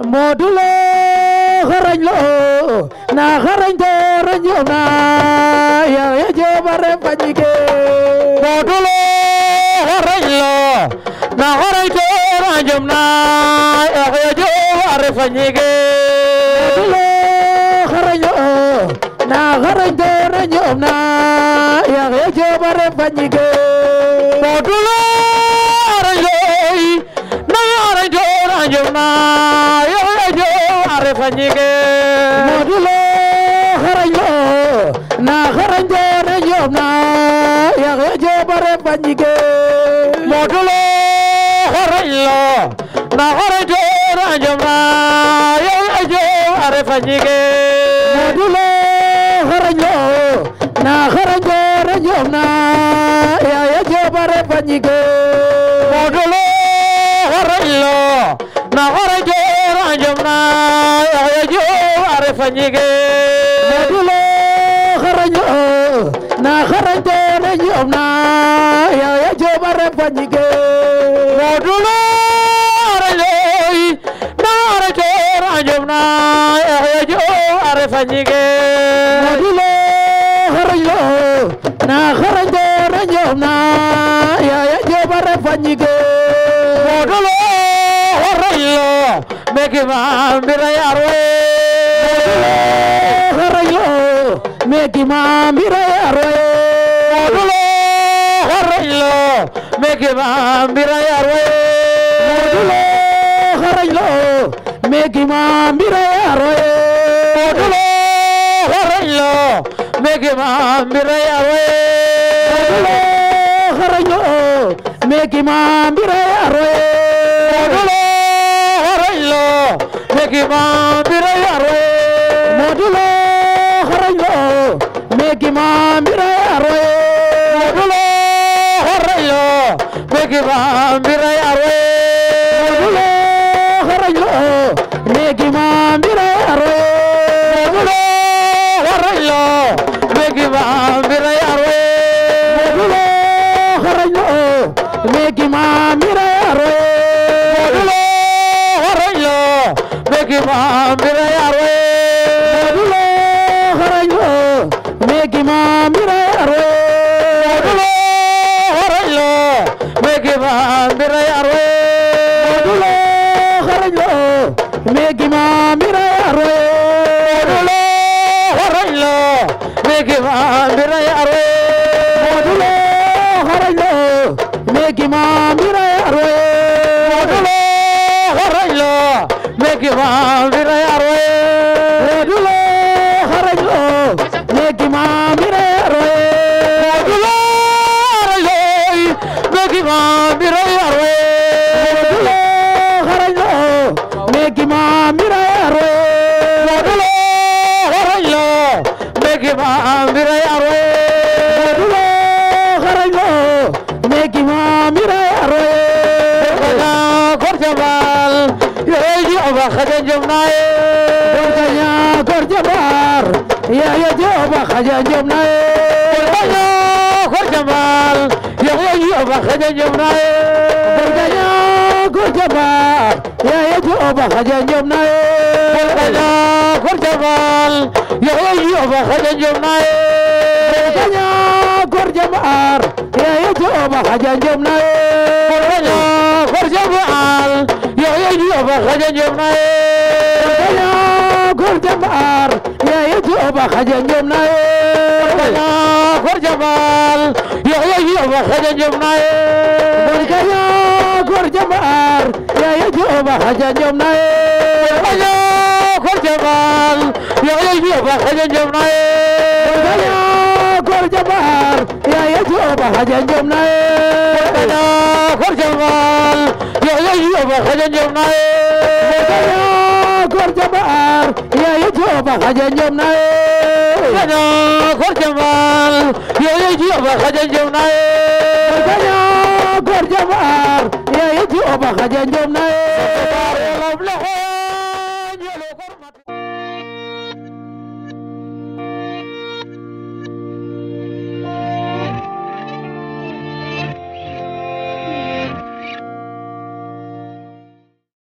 Modou Lo xarañ lo na xarañ te raño na ya ya jeba re fañike Modou Lo xarañ lo na xarañ te raño na ya ya jeba re fañike Modou Lo xarañ lo na xarañ te raño na ya ya jeba re fañike fañige Modou Lo xarañ lo na xarañ do na joom na ya ge jo bare fañige Modou Lo xarañ lo na xarañ do na joom na ya ge jo bare fañige Modou Lo xarañ lo na xarañ do na joom na ya ge jo bare fañige fanyige modulo kharaño na na ñoom na na arajo na ñoom na yaya joba re fanyige modulo kharaño na kharañte na ñoom ma mbira yarwe ಹೊರಯ್ಯೋ ಮೇಗಿ ಮಾಂಬಿರ ಮೊದಲು ಹೊರಯ್ಯೋ ಮೇಗಿ ಮಾಂಬಿರ ಮೊದಲು ಹೊರಯ್ಯೋ ಮೇಗಿ ಮಾಂಬಿರ ಮೊದಲು ಹೊರಯ್ಯೋ ಮೇಗಿ ಮಾಂಬಿರ ಮೊದಲು ಹೊರಯ್ಯೋ ಮೇಗಿ ಮಾಂಬಿರ ಮೊದಲು ಹೊರಯ್ಯೋ ಮೇಗಿ ಮಾಂ bambira yaroye modulo horayo negi bambira yaroye modulo horayo negi bambira yaroye modulo horayo negi bambira yaroye modulo horayo negi bambira yaroye modulo horayo negi bambira Give on, give on, Jom nae. ba xaja njëm na ye korja bu al yaye ju ba xaja njëm na ye korja bu ar yaye ju ba xaja njëm na ye korja bu al yaye ju ba xaja njëm na ye korja bu ar yaye ju ba xaja njëm na ye korja bu al yaye ju ba xaja njëm na ye أبا خجن جمنا مدنا كرجمال يا يجي أبا خجن جمنا مدنا كرجمال يا يجي أبا خجن جمنا مدنا كرجمال يا يجي أبا خجن جمنا مدنا كرجمال يا يجي أبا خجن جمنا